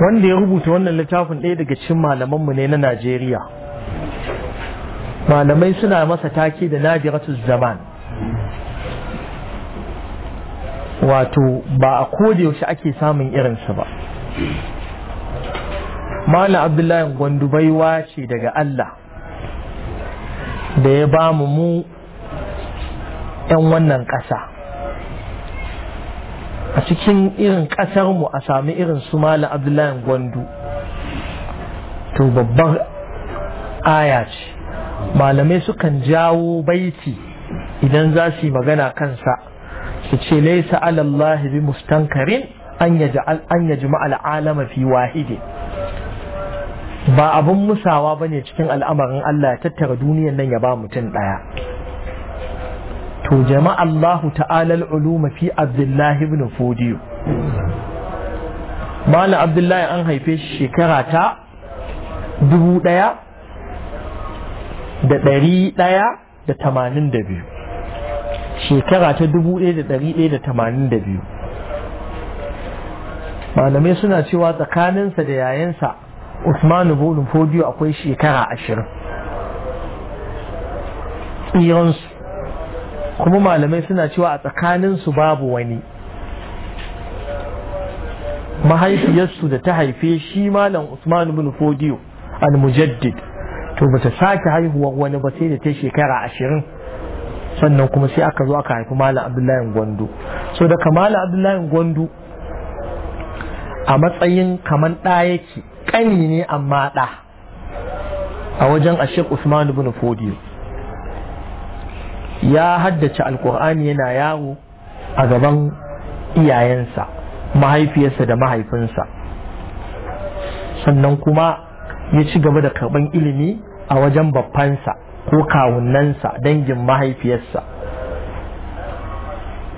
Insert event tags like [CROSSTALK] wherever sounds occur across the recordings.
wanda ya rubuta wannan littafin ɗaya daga cikin malamanmu ne na Najeriya malamai suna masa take da nadiratu zaman wato ba a koda yaushe ake samun irinsa ba Malam Abdullahi Gwandu ce daga Allah da ya ba mu mu ‘yan wannan ƙasa a cikin irin ƙasarmu a sami irin su mala abdullahi gwandu to babbar aya ce malamai sukan jawo baiti idan za su yi magana kansa su ce laisa alallahi bi mustankarin an ya jima al'alama fi wahidi ba abin musawa ba ne cikin al'amarin Allah ya tattara duniyan nan ya ba mutum ɗaya to jama'a Allahu ta'ala al'uluma fi Abdullahi ibn Fodiyo Malam Abdullahi an haife shi shekara ta dubu ɗaya da ɗari ɗaya da tamanin da biyu shekara ta dubu ɗaya da ɗari ɗaya da tamanin da biyu malamai suna cewa tsakaninsa da yayansa Usman Bolin Fodiyo akwai shekara ashirin tsiransu kuma malamai suna cewa a tsakanin su babu wani mahaifiyarsu da ta haife shi malam usman bin fodiyo al-mujaddid to bata sake haihuwar wani ba sai da ta shekara ashirin sannan kuma sai aka zo aka haifi malam abdullahi gwandu so da malam abdullahi gwandu a matsayin kamar ɗa yake ƙani ne amma ɗa a wajen ashek usman bin fodiyo ya haddace alkur'ani yana yawo a gaban iyayensa mahaifiyarsa da mahaifinsa sannan kuma ya ci gaba da karban ilimi a wajen babbansa ko kawunansa dangin mahaifiyarsa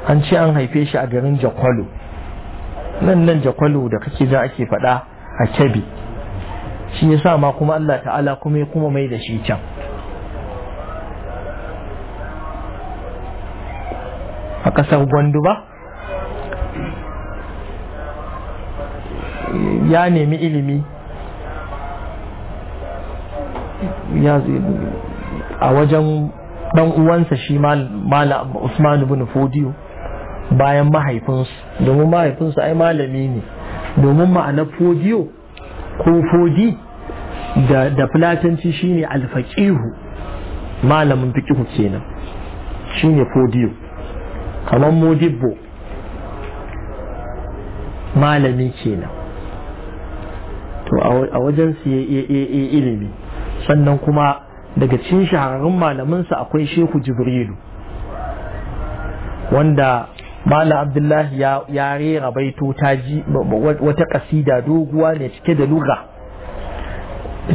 an ce an haife shi a garin jakwalo nan nan jakwalo da kake za ake faɗa a kyabi shi ya sa ma kuma Allah ta'ala kuma ya kuma mai da shi can a ƙasar gwandu ya nemi ilimi a wajen ɗan uwansa shi mala usman ibn fodiyo bayan mahaifinsu domin mahaifinsu ai malami ne domin ma'anar fodiyo ko fodi da filatanci shine alfaƙihu malamin fiƙihu kenan shine fodiyo kamar modibbo malami kenan to a wajen su ya ilimi sannan kuma daga cin shahararrun malaminsa akwai shehu jibrilu wanda mala abdullahi ya rera baito ta ji wata kasida doguwa ne cike da lura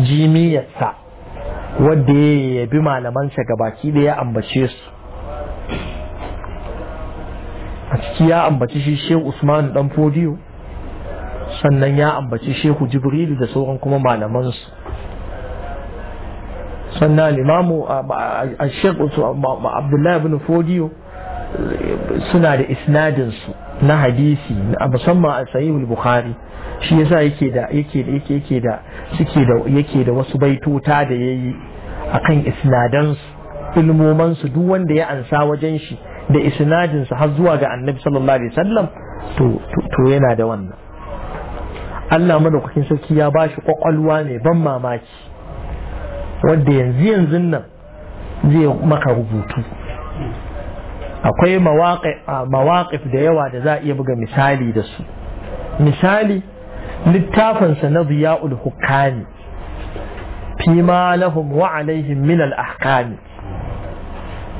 jimiyarsa wadda ya yabi malamansa gabaki da ya ambace su a ciki ya ambaci shi shehu usman dan fodiyo sannan ya ambaci shehu Jibril da sauran kuma malamansu sannan limamu a shehu abdullahi bin fodiyo suna da isnadinsu na hadisi a musamman a sahihu bukhari shi yasa yake da yake da yake yake da suke da yake da wasu baitota da yayi akan isnadansu ilmomansu duk wanda ya ansa wajen shi da isnadin har zuwa ga annabi sallallahu alaihi wasallam to to yana da wannan Allah madaukakin sarki ya bashi kwakwalwa ne ban mamaki wanda yanzu yanzu nan zai maka rubutu akwai mawaƙif da yawa da za a iya buga misali da su misali littafinsa na ziya'ul hukami fi ma lahum wa alaihim min al-ahkami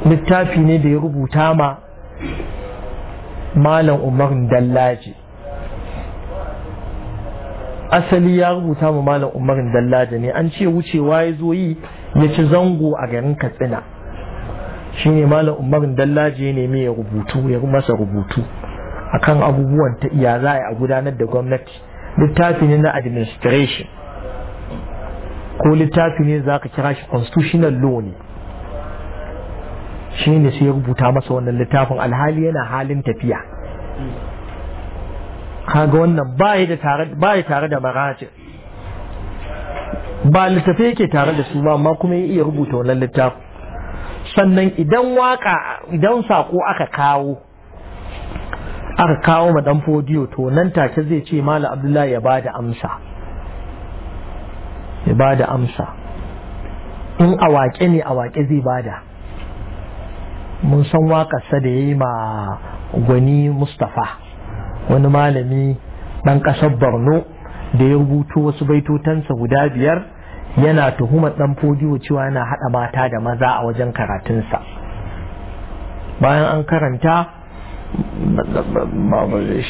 littafi ne da ya rubuta ma malam umarin dallaji asali ya rubuta ma malam umarin dallaji ne an ce wucewa ya zo yi ya ci zango a garin katsina shi ne malam umarin dallaji ya nemi ya rubutu ya masa rubutu akan abubuwan ta iya za a gudanar da gwamnati littafi ne na administration ko littafi ne za ka kira shi constitutional law ne ne sai ya rubuta masa wannan littafin alhali yana halin tafiya kaga wannan baya ya tare da marajin ba littafi yake tare da su ba amma kuma ya iya rubuta wannan littafin sannan idan waka idan sako aka kawo aka kawo ma dan fodiyo to nan take zai ce mala abdullahi ya bada amsa ya bada amsa in awake ne awake zai bada mun san waƙarsa da ya yi ma gwani mustafa wani malami ɗan ƙasar borno da ya rubuto wasu baitotansa guda biyar yana tuhumar ɗan fodiyo cewa yana haɗa mata da maza a wajen karatunsa bayan an karanta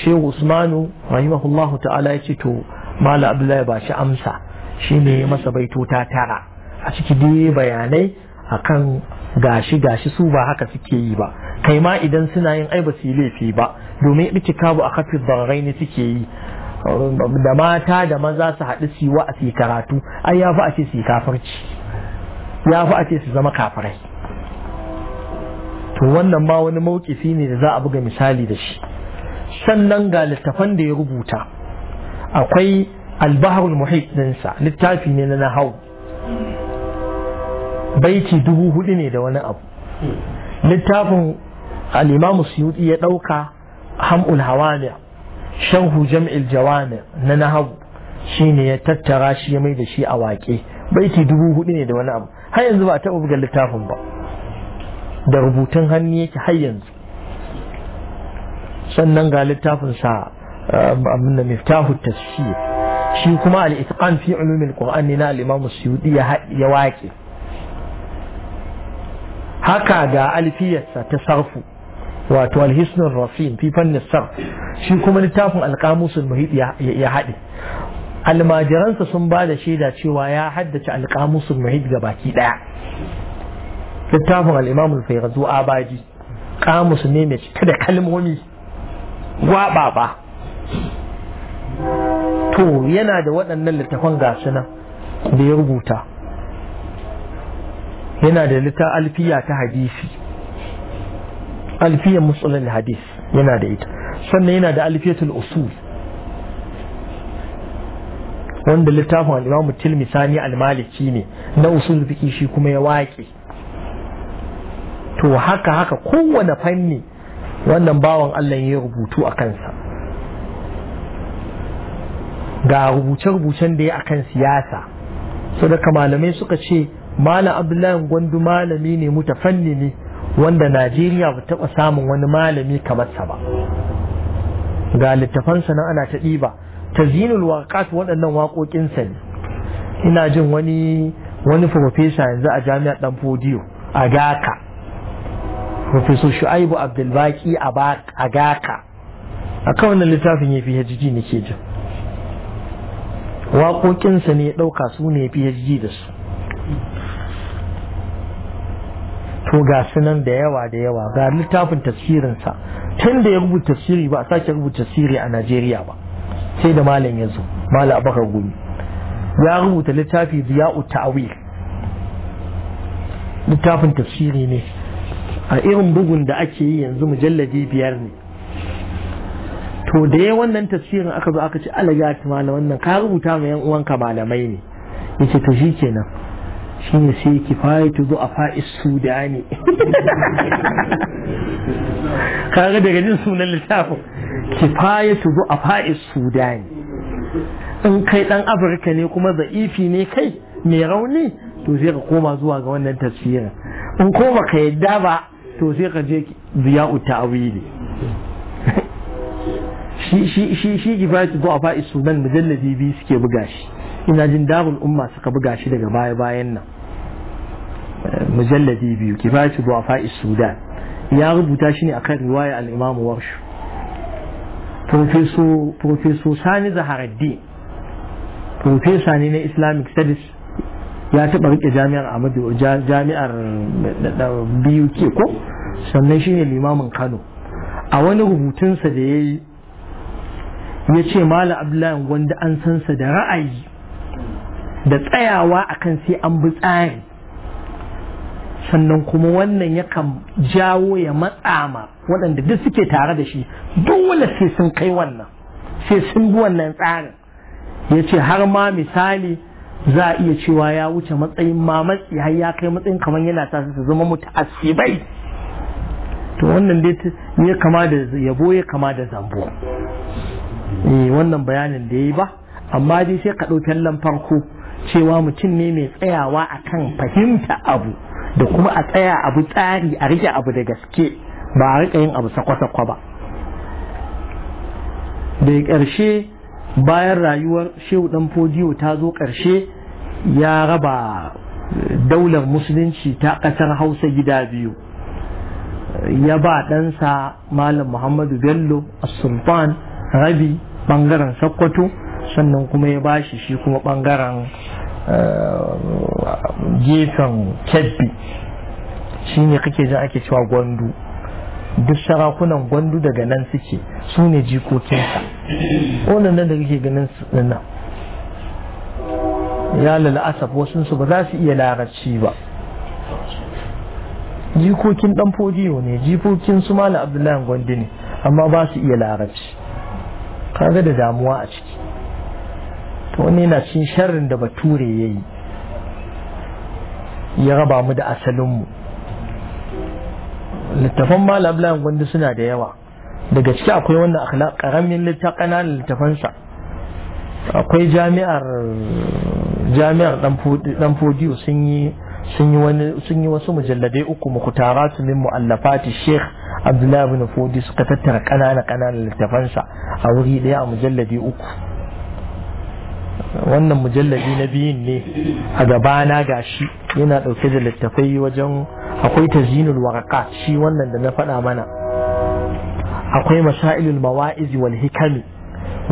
shehu usmanu rahimahullahu ta'ala ya ce to mala abdullahi ba shi amsa shi ne masa baitota tara a ciki dai bayanai akan gashi gashi su ba haka suke yi ba kai ma idan suna yin ai ba su yi laifi ba domin kabu a kafin ne suke yi da mata da maza su haɗu su yi wa a karatu ai ya fi a ce su yi kafirci ya fi a ce su zama kafirai to wannan ma wani mawkifi ne da za a buga misali da shi sannan ga littafan da ya rubuta akwai albaharul muhit ɗinsa littafi ne na nahau baiti dubu hudu ne da wani abu littafin al'imamu suyuti ya ɗauka ham'ul hawani shanhu jam'il jawami na nahawu shi ne ya tattara shi ya mai da shi a waƙe baiti dubu hudu ne da wani abu har yanzu ba a taɓa buga littafin ba da rubutun hannu yake har yanzu sannan ga littafin sa eh, abin ta miftahu tafsir shi kuma al-itqan fi ulumil qurani na al-imam suyuti ya waƙe haka da alfiyarsa ta sarfu wato alhisnun rafin fi fannin shi kuma littafin alƙamusul muhit ya haɗe almajiransa sun ba da shaida cewa ya haddace alkamusun muhit ga baki ɗaya littafin al'imamul faizu abaji ƙamus ne mai cike da kalmomi gwaba ba. to yana da waɗannan littafan gasuna da ya rubuta yana da lita alfiya ta hadisi alfiyar musulun hadis yana da ita sannan yana da alfiyatul usul wanda littafin al'imamu tilmisani al ne na usul fiki shi kuma ya waƙe to haka haka kowane fanni wannan bawan Allah ya rubutu a kansa ga rubuce-rubucen da ya akan siyasa so da malamai suka ce malam abdullahi gwandu malami ne ne wanda najeriya ba taɓa samun wani malami kamar sa ba ga littafansa nan ana ta ɗiba tazinul waqat waɗannan waƙoƙinsa ne ina jin wani wani profesa yanzu a jami'ar dan fodiyo a gaka profesor shu'aibu abdulbaki a gaka a kan wannan littafin ya fi hajji nake jin waƙoƙinsa ne ya ɗauka su ne ya fi hajji da su to ga sunan da yawa da yawa ga littafin tafsirinsa tun da ya rubuta tasiri ba a sake rubuta tasiri a Najeriya ba sai da malam ya zo malam abakar gumi ya rubuta littafi ziya'u ta'wil littafin tasiri ne a irin bugun da ake yi yanzu mujalladi biyar ne to da ya wannan tafsirin aka zo aka ce alaga malam wannan ka rubuta ma yan uwanka malamai ne yace to shikenan shi ne sai kifayatu du'afa is-sudani kaga daga jin sunan littafin ki kifayatu du'afa is-sudani in kai dan afirka ne kuma za'ifi ne kai mai rauni to sai ka koma zuwa ga wannan tafsirin in koma ka yadda ba to sai ka je ziya'u ta'wili shi shi shi shi kifayatu a is-sudan mujalladi bi suke buga shi ina jin darul umma suka buga shi daga baya bayan nan mujalladi biyu kifayatu du'afa sudan ya rubuta shi ne akan riwaya al-imam warshu profeso sani zaharaddi profesa ne na islamic studies ya taɓa rike jami'ar amadu jami'ar biyu ke ko sannan shi ne limamin kano a wani rubutunsa da ya yi ya ce mala abdullahi wanda an sansa da ra'ayi da tsayawa akan sai an bi tsari sannan kuma wannan yakan jawo ya matsa waɗanda duk suke tare da shi dole sai sun kai wannan sai sun bi wannan tsarin ya ce har ma misali za a iya cewa ya wuce matsayin mamatsi har ya kai matsayin kamar yana sa su zama asibai. to wannan dai ya kama da yabo ya kama da zambo eh, wannan bayanin da ya yi ba amma dai sai ka ɗauki farko cewa mutum ne mai tsayawa akan fahimta abu da kuma a tsaya abu tsari a rike abu da gaske ba a rika yin abu sakwa-sakwa ba da ƙarshe bayan rayuwar shehu ɗan fodiyo ta zo ƙarshe ya raba eh, daular musulunci ta ƙasar hausa gida biyu ya ba ɗansa malam muhammadu bello as-sultan rabi ɓangaren sakkwato sannan kuma ya bashi shi kuma ɓangaren gefen kebbi shine kake jin ake cewa gwandu duk sarakunan gwandu daga nan suke su ne jikokinsa nan da kake ganin su nan ya lala'asaf wasunsu ba za su iya larabci ba jikokin ɗan fodiyo ne jikokin su mala abdullahi gwandu ne amma ba su iya larabci kaga da damuwa a ciki to wani yana cin sharrin da bature ya yi ya raba mu da asalinmu littafan malam layan gwanda suna da yawa daga ciki akwai wannan karamin littafan littafansa akwai jami'ar jami'ar dan fodiyo sun yi sun yi wasu mujalladai uku mukutara su min mu'allafati sheikh abdullahi bin fodi suka tattara ƙanana ƙananan littafansa a wuri ɗaya a mujalladi uku wannan mujalladi na biyun ne a gabana gashi yana ɗauke da littafai wajen akwai tazinul waraka shi wannan da na faɗa mana akwai masailul mawa'izi wal hikami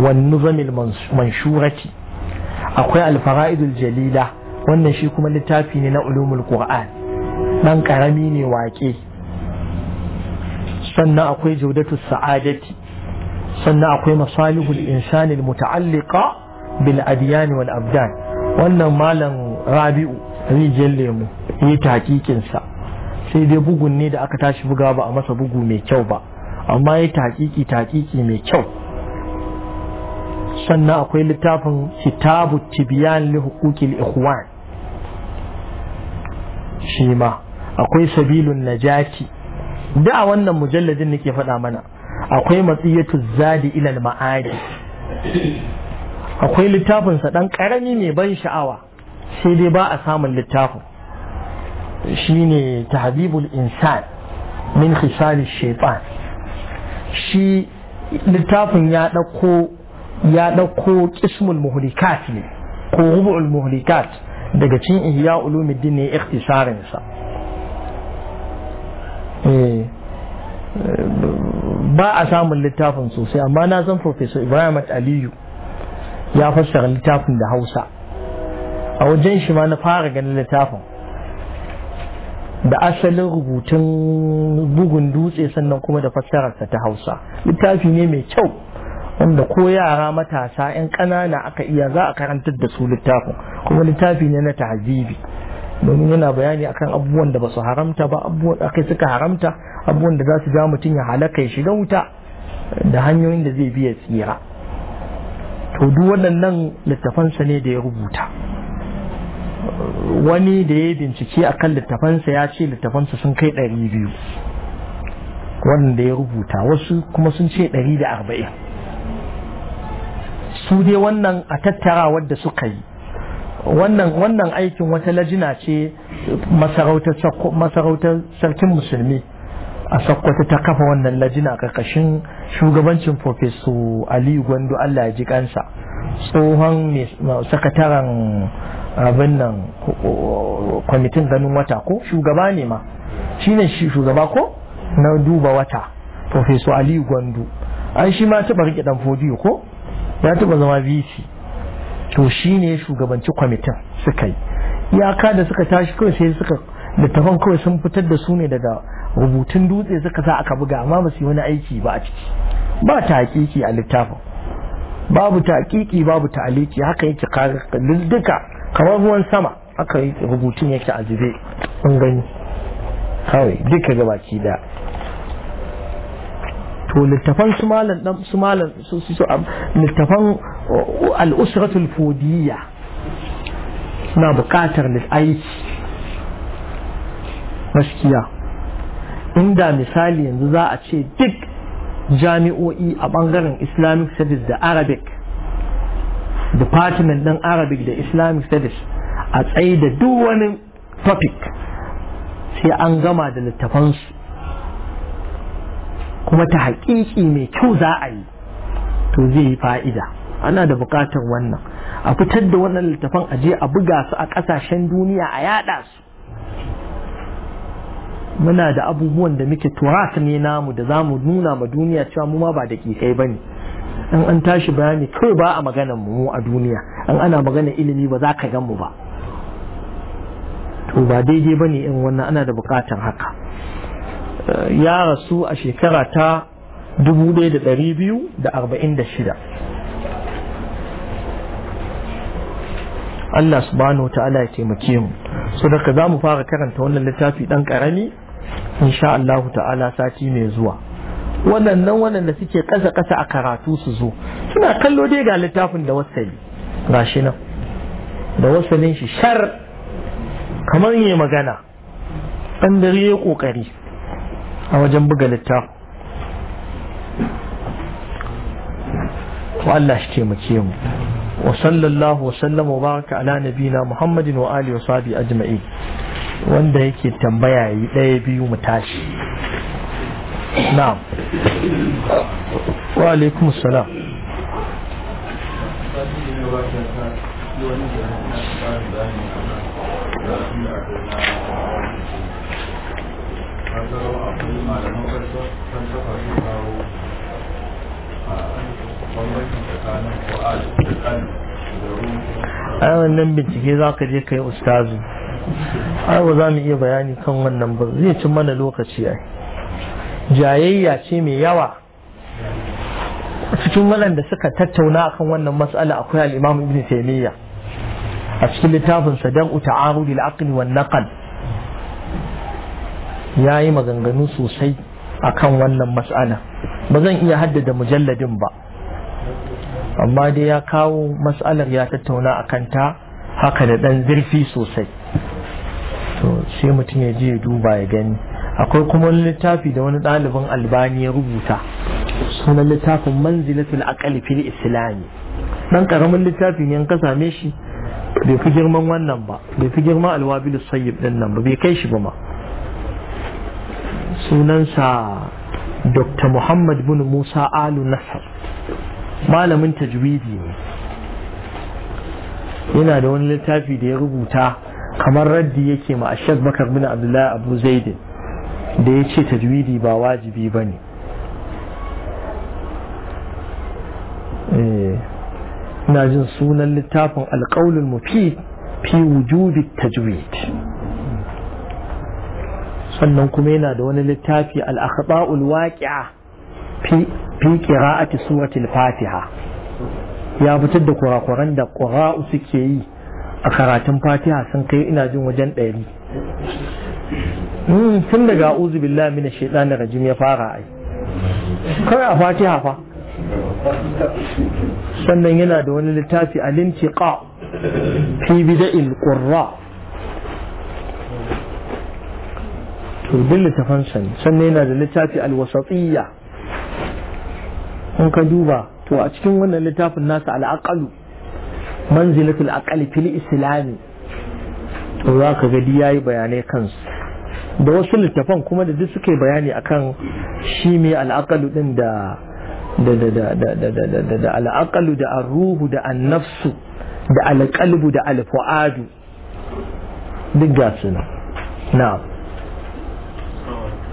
wan nuzamil manshurati akwai alfara'idul jalila wannan shi kuma littafi ne na ulumul qur'an dan karami ne waƙe sannan akwai jawdatu sa'adati sannan akwai masalihul insani muta'alliqa bil adiyan wal abdan wannan malam rabi'u rijiyar lemu yi takikinsa sai dai bugun ne da aka tashi buga ba a masa bugu mai kyau ba amma ya takiki takiki mai kyau sannan akwai littafin kitabu tibiyan li ikhwan shi ma akwai sabilun najati da a wannan mujalladin nake faɗa mana akwai matsiyatu zadi ilal ma'adi akwai littafinsa ɗan ƙarami mai ban sha'awa sai dai ba a samun littafin shi ne insan min khisali shaitan shi littafin ya ɗauko ya ɗauko muhlikat ne ko rubu'ul muhlikat daga cin ihya ulumuddin ne ikhtisarinsa eh, ba a samun littafin sosai amma na san professor ibrahim aliyu ya fassara littafin da hausa a wajen shi ma na fara ganin littafin da asalin rubutun bugun dutse sannan kuma da fassararsa ta hausa littafi ne mai kyau wanda ko yara matasa 'yan ƙanana aka iya za a karantar da su littafin kuma littafi ne na tahzibi domin yana bayani akan abubuwan da ba su haramta ba abubuwan da aka suka haramta abubuwan da za su ja mutum ya halaka ya shiga wuta da hanyoyin da zai biya tsira to duk waɗannan littafansa ne da ya rubuta wani da ya bincike a kan littafansa ya ce littafansa sun kai ɗari biyu wanda ya rubuta wasu kuma sun ce ɗari da arba'in su dai wannan a tattara wadda suka yi wannan aikin wata lajina ce masarautar sarkin musulmi a sakwata ta kafa wannan lajina ƙarƙashin shugabancin profeso aliyu gwando allah ya ji kansa tsohon sakataren abin nan kwamitin ganin wata ko shugaba ne ma shi ne shugaba ko na duba wata profeso aliyu gwando an shi ma taɓa rike dan fodiyo ko ya taɓa zama vc to shi ne shugabanci kwamitin suka yi iyaka da suka tashi kawai sai suka littafan kawai sun fitar da su ne daga rubutun dutse suka sa aka buga amma ba su yi wani aiki ba a ciki ba ta hakiki a littafin babu ta hakiki babu ta aliki haka yake duka kamar ruwan sama haka rubutun yake a zube in gani kawai duka gaba ki da to littafan su malam dan su malam su su littafan uh, al-usratul fudiyya suna bukatar aiki gaskiya inda misali yanzu za a ce duk jami'o'i a bangaren islamic studies da arabic department ɗin arabic da islamic studies a tsaye da duk wani topic sai an gama da littafansu kuma ta haƙiƙi mai kyau za a yi to zai yi fa'ida ana da buƙatar wannan a fitar da wannan littafan aje a buga su a ƙasashen duniya a yada su muna da abubuwan da muke turat ne namu da zamu nuna ma duniya cewa mu ma ba da kikai bane in an tashi bayani kai ba a maganar mu a duniya an ana maganar ilimi ba za ka gan mu ba to ba daidai bane in wannan ana da bukatar haka eh, ya rasu a shekara ta 1246 Allah subhanahu wa ta'ala ya taimake mu so daga za mu fara karanta wannan littafi dan karami insha Allah ta'ala sati mai zuwa waɗannan waɗanda suke ƙasa ƙasa a karatu su zo suna kallo dai ga littafin da wasali gashi nan da wasalin shi shar kamar yi magana ɗan dare ya ƙoƙari a wajen buga littafin Allah shi ke mace mu wa sallallahu wa sallama wa baraka ala nabina Muhammadin wa alihi wa sahbihi ajma'in wanda yake tambaya yi ɗaya biyu mu tashi na'am wa alaikum salam a wannan bincike za ka je ka yi ustazu ai ba za mu iya bayani kan wannan ba zai ci mana lokaci ai jayayya ce mai yawa cikin waɗanda suka tattauna akan wannan matsala akwai al-Imam Ibn Taymiyyah a cikin littafin sa dan uta'arudil al-aql wa naql yayi maganganu sosai akan wannan matsala ba zan iya haddada mujalladin ba amma dai ya kawo matsalar ya tattauna akan ta haka da ɗan zurfi sosai so sai mutum ya je ya duba ya gani akwai kuma wani littafi da wani ɗalibin albani ya rubuta sunan littafin manzilatul aqal fil islami dan karamin littafin ne an ka same shi bai fi girman wannan ba bai fi girman alwabil sayyib din nan ba bai kai shi ba ma sunansa dr muhammad bin musa alu nasar malamin tajwidi ne yana da wani littafi da ya rubuta kamar raddi yake ma ashek bakar bin abdullahi abu zaidin da ya ce tajwidi ba wajibi ba ne eh, ina jin sunan littafin alƙaulul mufid fi wujubi tajwid sannan kuma yana da wani littafi al waƙi'a waqi'a fi fi qira'ati fatiha ya fitar da kurakuran da ƙura'u suke yi a karatun fatiha sun kai ina jin wajen ɗari hmm, tun daga uzu billah mina shaidanin rajim ya fara ai kawai a fatiha fa sannan yana da wani littafi a lintiƙa fi il ƙurra to bin littafan sannan yana da littafi alwasatiyya in ka duba to a cikin wannan littafin nasa al'aƙalu manzilatul aqal fil islami to za ka gadi yayi bayanai kansu da wasu littafan kuma da duk suke bayani akan shi mai al'aqalu din da da da da da da da da da al'aqalu da arruhu da annafsu da alqalbu da alfuadu duk ga su na na'am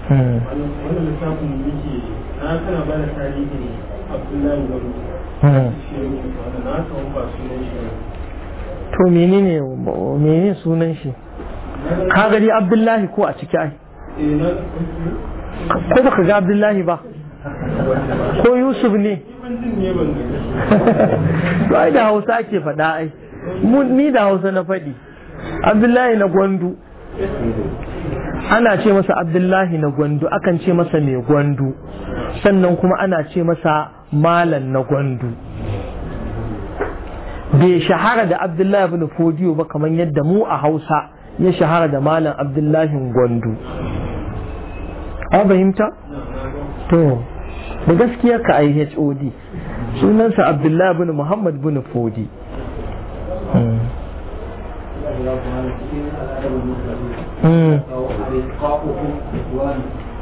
hmm. wannan littafin yake na kana ba bada tarihin Abdullahi wani. Hmm. to menene menene sunan shi ka gari abdullahi ko a ciki ai ko baka ga abdullahi ba ko yusuf ne to ai da hausa ake faɗa ai ni da hausa na faɗi abdullahi na gwandu ana ce masa abdullahi na gwandu akan ce masa mai gwandu sannan kuma ana ce masa Malam na gwandu bai shahara da abdullahi ibn fodiyo ba kamar yadda mu a hausa ya shahara da malam abdullahi gwandu a fahimta? to da gaskiya ka HOD sunansa abdullahi bin muhammad bin fodi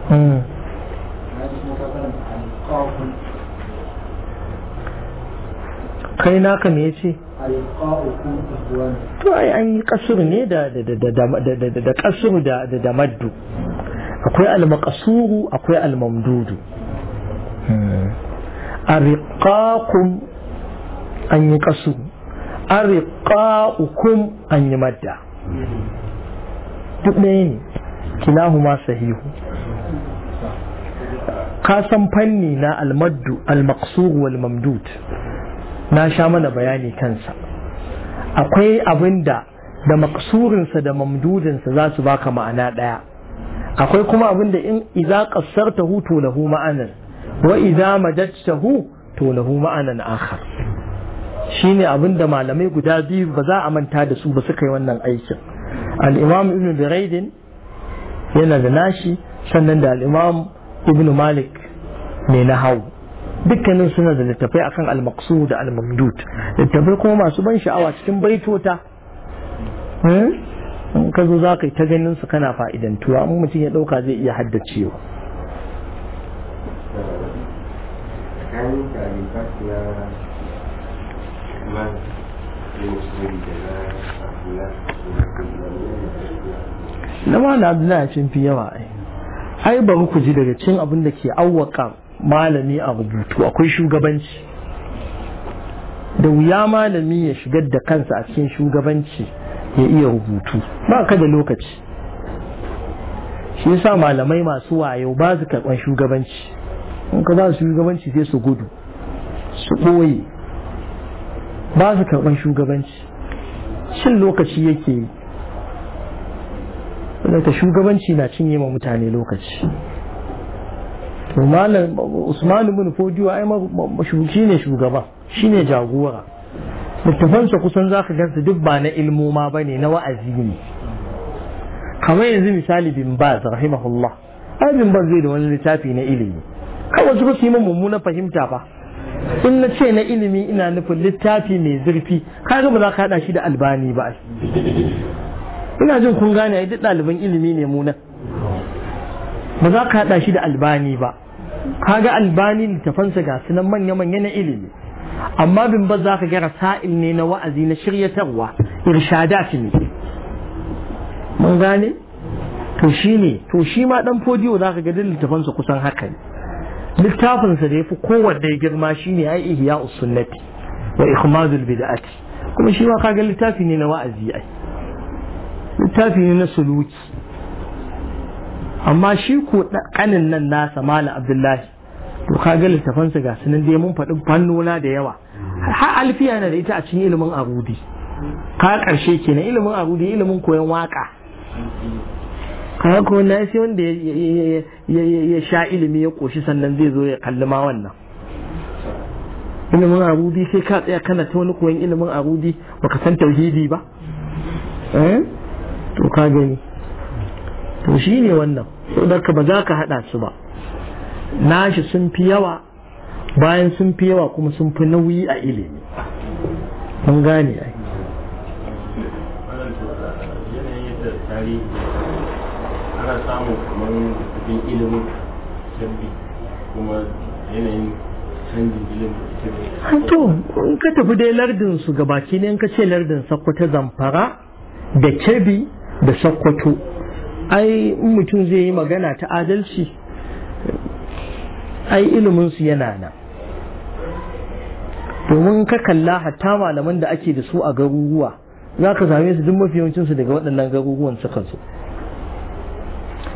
Mm. kai naka me yace to ai an yi kasuru ne da da da da da kasuru da da maddu akwai almaqsuru akwai almamdudu hmm. ariqakum an yi kasuru ariqaukum an yi madda duk ne ne kilahuma sahihu ka san fanni na almaddu almaqsur walmamdud. mamdud na sha mana bayani kansa akwai abinda da da maksurinsa da mamdudinsa za su baka ma'ana ɗaya akwai kuma abinda in iza qassarta hu to lahu ma'anan wa iza ta hu to lahu ma'anan akhar Shi ne abinda malamai guda biyu ba za a manta da su ba suka yi wannan aikin al-imam ibn biraidin yana da nashi sannan da al-imam ibn malik ne na hawu dukkanin suna da littafai akan almaksu da al littafai kuma masu ban sha'awa cikin baitota hmm? in ka zo za ka yi ta ganin su kana fa'idantuwa amma mutum ya ɗauka zai iya haddacewa na ma na abdullahi cin fi yawa ai bari ku ji daga cin abin da ke awwaka malami a rubutu akwai shugabanci da wuya malami ya shigar da kansa a cikin shugabanci ya iya rubutu ba ka da lokaci shi yasa malamai masu wayo ba su karɓar shugabanci in ka ba su shugabanci sai su gudu su ɓoye ba su karɓar shugabanci cin lokaci yake yi wadda shugabanci na cinye ma mutane lokaci to malam usman ibn fodiyo ai shi ne shugaba shine jagora mutafansa kusan zaka gansu duk ba na ma bane na wa'azi ne kamar yanzu misali bin baz rahimahullah ai bin baz zai da wani littafi na ilimi kawai su yi min mummuna fahimta ba in na ce na ilimi ina nufin littafi mai zurfi kaga ba za ka hada shi da albani ba ina jin kun gane ai duk ɗaliban ilimi ne mu na. ba za ka haɗa shi da albani ba kaga albani sa ga sunan manya-manya na ilimi amma bin ba za ka ga rasa'il ne na wa'azi na shiryatarwa irshadat ne mun gane to shi ne to shi ma dan fodiyo za ka ga littafan sa kusan haka ne littafinsa da yafi fi kowanne girma shi ne ai ihya sunnati wa ikhmadul bid'ati kuma shi ma kaga littafi ne na wa'azi ai littafi ne na suluki amma shi ko kanin nan nasa mala abdullahi to ka ga littafansa ga sunan dai mun faɗin fannona da yawa har alfiya na da ita a cikin ilimin arudi ka karshe kenan ilimin arudi ilimin koyon waka ga ko na sai wanda ya sha ilimi ya koshi sannan zai zo ya kalli ma wannan ilimin arudi sai ka tsaya kana ta wani koyon ilimin arudi baka san tauhidi ba eh? to ka gani to shi ne wannan ka ba za ka haɗa su ba nashi sun fi yawa bayan sun fi yawa kuma sun fi nauyi a ilimi mun gane ai ana samun kamar cikin ilimin sabbi kuma yanayin canjin ilimin to in ka tafi dai lardin su gabaki ne in ka ce lardin sakkwato zamfara da cebi da sakwato ai in mutum zai yi magana ta adalci ai iliminsu yana nan domin ka kalla hatta malaman da ake da su a garuruwa za ka same su duk mafi yawancinsu daga waɗannan garuruwan suka zo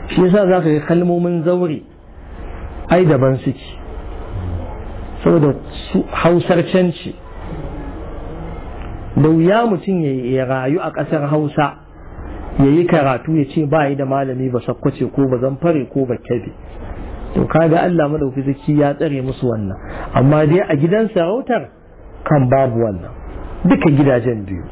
shi yasa za ka ga kalmomin zaure ai daban suke saboda su hausar canci da wuya mutum ya rayu a ƙasar hausa ya yi karatu ya ce ba yi da malami ba sakkwace ko ba zan fare ko ba kyabe to kaga Allah madauki zaki ya tsare musu wannan amma dai a gidan sarautar kan babu wannan duka gidajen biyu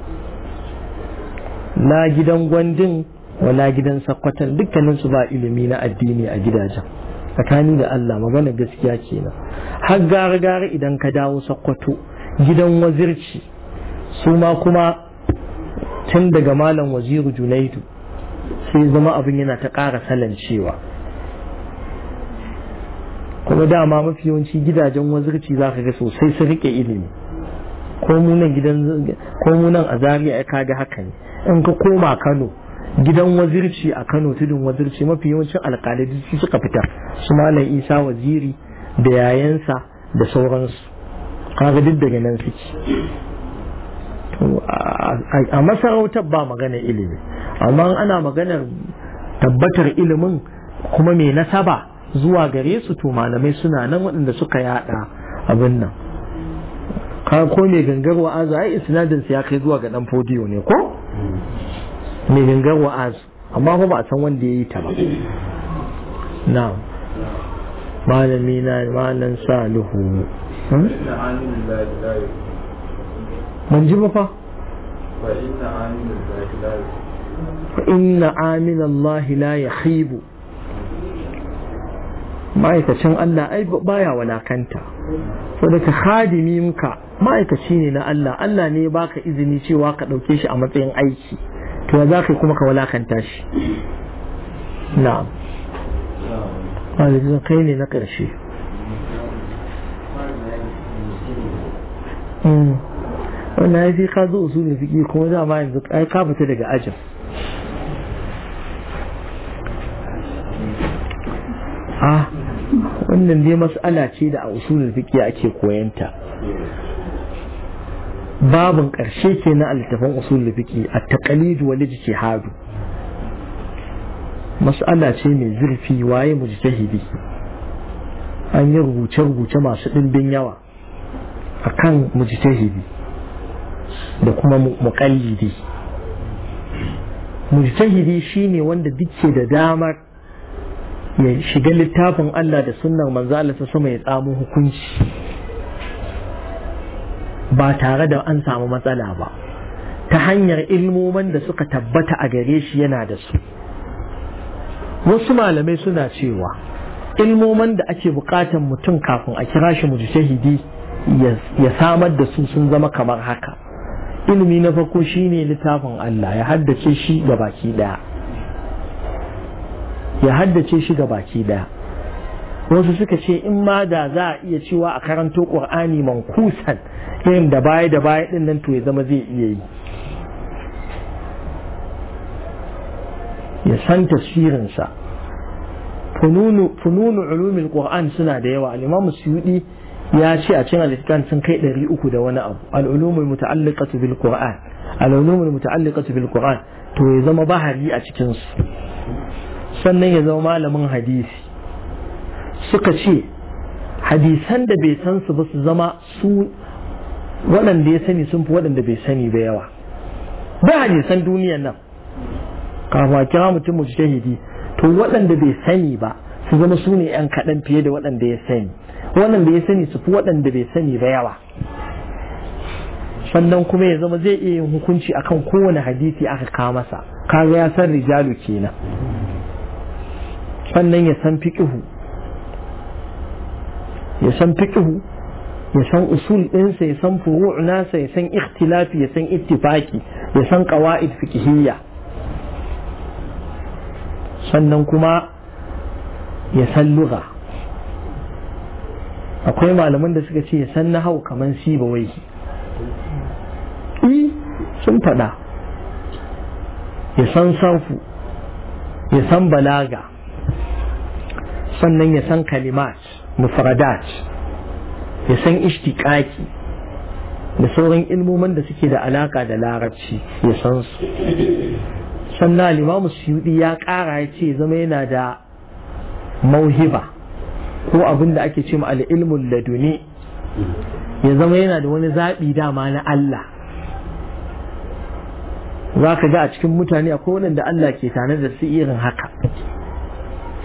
na gidan gwandin wala gidan sakkwatan dukkanin su ba ilimi na addini a gidajen tsakani da Allah magana gaskiya kenan har gara gara idan ka dawo sakwato gidan wazirci su ma kuma tun daga malam waziru junaidu sai zama abin yana ta ƙara salancewa kuma dama mafi yawanci gidajen wazirci za ka ga sosai su rike ilimi ko munan a zariya ya kaga haka ne in ka koma kano gidan wazirci a kano tudun wazirci mafi yawancin alƙalai su suka fita su malam isa waziri da yayansa da sauransu kaga duk daga nan suke a masarautar ba magana ilimi amma ana maganar tabbatar ilimin kuma mai nasaba zuwa gare su to malamai suna nan waɗanda suka yada abin nan ka ko mai gangar wa'azu ai isnadin ya kai zuwa ga dan fodiyo ne ko mai gangar wa'azu amma ba a san wanda ya yi ta ba na'am malami na malan saluhu hmm? ban ji ba fa inna amin Allah la ma'aikacin Allah ai baya walakanta saboda khadimi ka ma'aikaci ne na Allah Allah ne baka izini cewa ka dauke shi a matsayin aiki to ya zaka kuma ka walakanta shi na'am kai ne na karshe hmm. wannan ya fi ka zo usulun fiƙi kuma ma yanzu ai ka fita daga ajin a wannan dai mas'ala ce da a usulun fiƙi ake koyanta babin ƙarshe ke na littafin usulun fiƙi a taƙalidu wani jike hadu mas'ala ce mai zurfi waye mu mujtahidi an yi rubuce-rubuce masu ɗimbin yawa a kan akan mujtahidi da kuma muƙallidi mujtahidi shine wanda duke da damar ya shiga littafin Allah da sunnar manzo Allah ta sama ya tsamo hukunci ba tare da an samu matsala ba ta hanyar ilmoman da suka tabbata a gare shi yana da su wasu malamai suna cewa ilmoman da ake bukatan mutum kafin a kira shi mujtahidi ya samar da su sun zama kamar haka ilimi na farko shine littafin Allah ya haddace shi ga baki daya ya haddace shi ga baki daya wasu suka ce in ma da za a iya cewa a karanto ƙur'ani mankusan irin da baya da baya din nan to ya zama zai iya yi ya san tasirinsa fununu ulumin ƙur'an suna da yawa alimamu suyudi ya ce a cikin alistan sun kai ɗari uku da wani abu al'ulumul muta'alliqatu bil qur'an al'ulumul muta'alliqatu bil qur'an to ya zama bahari a cikin su sannan ya zama malamin hadisi suka ce hadisan da bai san su ba su zama su waɗanda ya sani sun fi waɗanda bai sani ba yawa ba hadisan duniyan nan kafin a kira mutum mujtahidi to waɗanda bai sani ba su zama su ne 'yan kaɗan fiye da waɗanda ya sani wannan da ya sani su fi waɗanda bai sani ba yawa sannan kuma ya zama zai iya yin hukunci a kan kowane hadisi aka kawo masa kaga ya san rijalu kenan sannan ya san fiƙihu ya san fiƙihu ya san usul ɗinsa ya san furu' nasa ya san ikhtilafi ya san ittifaki ya san ƙawa'id fiqhiyya sannan kuma ya san lugha akwai malaman da suka ce ya san na hau kamar siba wai E, sun faɗa ya san safu, ya san balaga sannan ya san kalimat mufradat ya san ishtiƙaƙi da sauran ilmomin da suke da alaka da larabci ya san su sannan limamu shuɗi ya ƙara ya ce zama yana da mauhiba ko abin da ake ce ma al'ilmul laduni ya zama yana da wani zaɓi dama na Allah za ka ga a cikin mutane akwai waɗanda Allah ke tare da su irin haka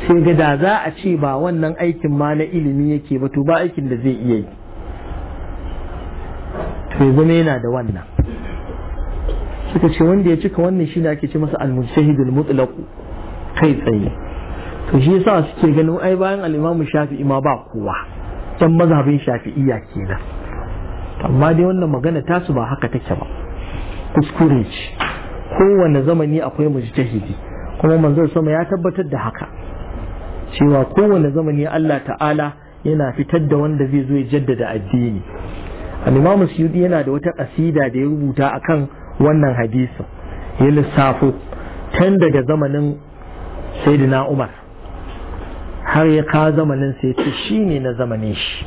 sai ga da za a ce ba wannan aikin ma na ilimi yake ba to ba aikin da zai iya yi to ya zama yana da wannan suka ce wanda ya cika wannan shi ne ake ce masa al-mujtahidul mutlaq kai tsaye to shi yasa suke ganin ai bayan al-Imam Shafi'i ma ba kowa dan mazhabin Shafi'iyya kenan amma dai wannan magana tasu ba haka take ba kuskure ce kowane zamani akwai mujtahidi kuma manzon sama ya tabbatar da haka cewa kowane zamani Allah ta'ala yana fitar da wanda zai zo ya jaddada addini al-Imam Suyuti yana da wata kasida da ya rubuta akan wannan hadisin ya lissafo tun daga zamanin Sayyidina Umar har ya ka zamanin sai ce shi ne na zamanin shi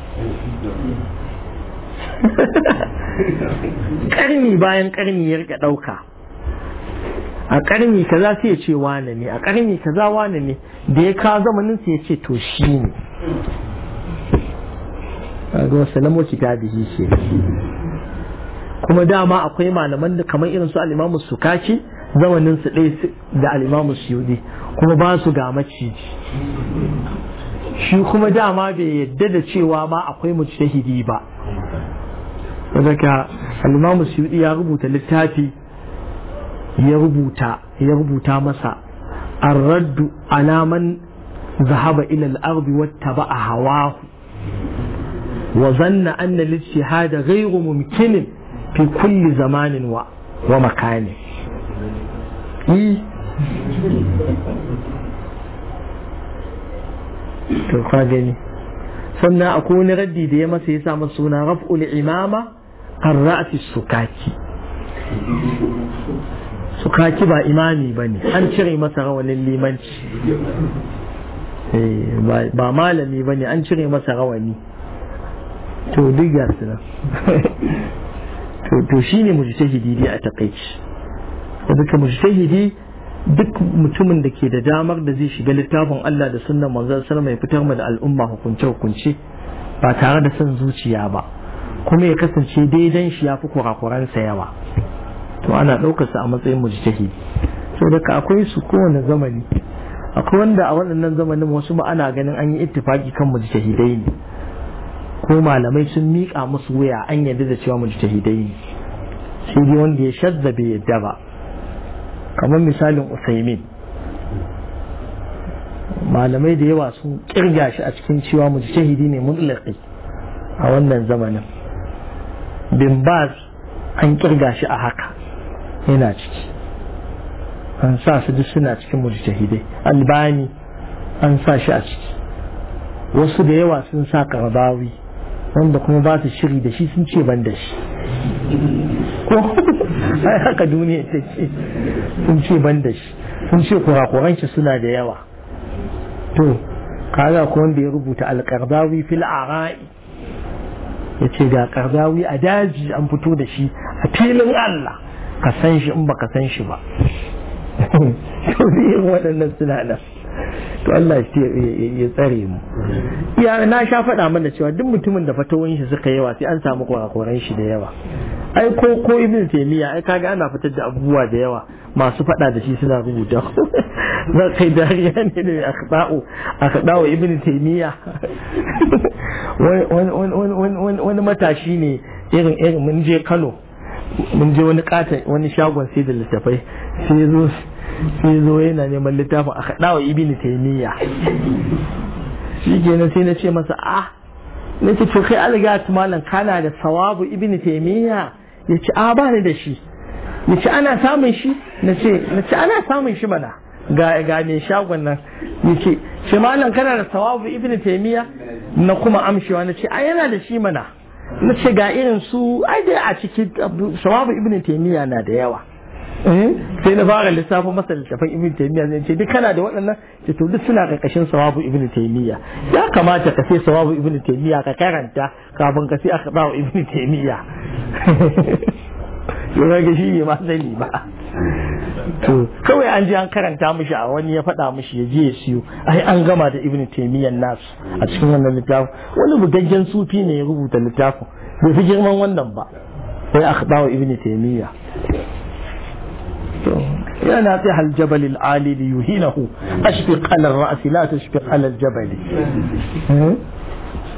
[LAUGHS] karni bayan karni ya rika ɗauka a karni ka za ya ce wane ne a karni za wane ne da ya ka zamanin sai ya ce to shi ne A ga wasu ta kitabihi ce. kuma dama akwai malaman da kamar irin su al su Sukaki zamanin su ɗaya da al-Imam Suyudi kuma ba su ga maciji shi kuma dama bai yadda da cewa ma akwai mujtahidi ba daga al-Imam Suyuti ya rubuta littafi ya rubuta ya rubuta masa ar-raddu ala man ذهب إلى wa zanna anna al أن ghayru mumkin fi kulli zamanin wa wa makani to ka gani sannan akwai wani raddi da ya masa ya samu suna raf'ul imama arra'ati sukaki sukaki ba imami bane an cire masa rawanin limanci eh, ba malami bane an cire masa rawani to duk ga su [LAUGHS] to shine mujtahidi dai a takaici ka mujtahidi duk mutumin da ke da damar da zai shiga littafin Allah da sunnan manzon sallallahu mai fitar mu da al'umma hukunce hukunce ba tare da son zuciya ba kuma ya kasance daidan shi ya fi sa yawa to ana ɗaukarsa a matsayin mujtahidi da ka akwai su kowane zamani akwai wanda a waɗannan zamanin wasu ma ana ganin an yi ittifaki kan mujtahidai ne ko malamai sun miƙa musu wuya an yarda da cewa mujtahidai ne sai dai wanda ya shazzabe yadda ba kamar misalin usaimin malamai da yawa sun kirga shi a cikin cewa mujtahidi ne mutlaki a wannan zamanin bin baz an kirga shi a haka yana ciki an sa su duk suna cikin mujtahidai albani an sa shi a ciki wasu da yawa sun sa karbawi wanda kuma ba su shiri da shi sun ce ban da shi ko haka duniya ta ce sun ce ban da shi sun ce kurakuran shi suna da yawa to kaga ko wanda ya rubuta alqardawi fil ara'i yace ga qardawi a daji an fito da shi a filin Allah ka san shi in baka san shi ba [LAUGHS] to ne waɗannan suna nan to Allah ya tsare mu ya na sha faɗa mana cewa duk mutumin da fatawun shi suka yawa sai an samu kwakoran shi da yawa ai ko ko ibn taymiya ai kaga ana fitar da abubuwa da yawa masu faɗa da shi suna rubuta na [LAUGHS] kai dariya ne da akhda'u akhda'u ibn taymiya [LAUGHS] wani matashi ne irin irin mun je Kano mun je wani katon wani shagon sai da littafai sai zo sai zo yana neman littafin a kaɗa wa ibini taimiyya shi kenan sai na ce masa ah na ce to kai algat malam kana da sawabu ibini taimiyya ya ce a ah, ba ni da shi ya ce ana samun shi na ce ana samun shi mana ga ga mai shagon nan ya ce ce malam kana da sawabu ibini taimiyya na kuma amshewa na ce a yana da shi mana na ce ga irin su ai dai a cikin sawabu ibini taimiyya na da yawa Eh? sai na fara lissafin masa littafin ibn taymiya zai ce duk kana da waɗannan ce to suna karkashin sawabu ibn taymiya ya kamata ka sai sawabu ibn taymiya ka karanta kafin ka sai aka bawa ibn taymiya [LAUGHS] yana ga shi ma ba to kawai an je an karanta mishi a wani ya faɗa mishi ya je ya siyo ai an gama da ibn taymiyan nasu a cikin wannan littafin wani bugaggen sufi ne ya rubuta littafin bai fi girman wannan ba sai aka bawa ibn taymiya يا ناطح الجبل العالي ليهينه أشفق على الرأس لا تشفق على الجبل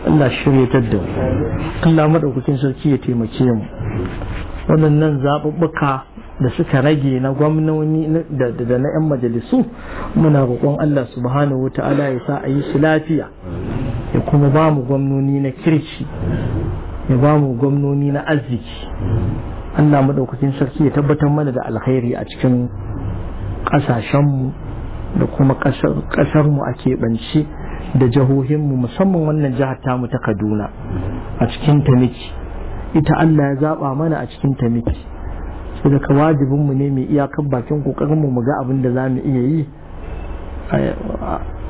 Allah shirya ta da Allah maɗaukakin sarki ya taimake mu waɗannan zaɓuɓɓuka da suka rage na gwamnoni da na 'yan majalisu muna roƙon Allah subhanahu wata'ala ya sa a yi su lafiya ya kuma ba mu gwamnoni na kirki ya ba mu gwamnoni na arziki Allah maɗaukakin sarki ya tabbatar mana da alkhairi a cikin ƙasashenmu da kuma ƙasarmu a keɓance da jihohinmu musamman wannan jihar mu ta Kaduna a cikin ta miki ita Allah ya zaɓa mana a cikin ta miki sai daga wajibinmu ne mai iyakar bakin ƙoƙarinmu mu ga abin da za mu iya yi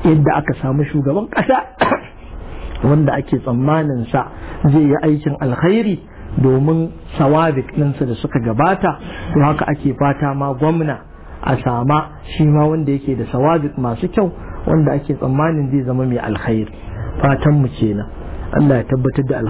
yadda aka samu shugaban ƙasa [COUGHS] wanda ake tsammanin sa zai yi aikin alkhairi domin sawabik ɗinsu da suka gabata to haka ake fata ma gwamna a sama shi ma wanda yake da sawabik masu kyau wanda ake tsammanin zai zama mai alkhairi fatan mu kenan Allah ya tabbatar da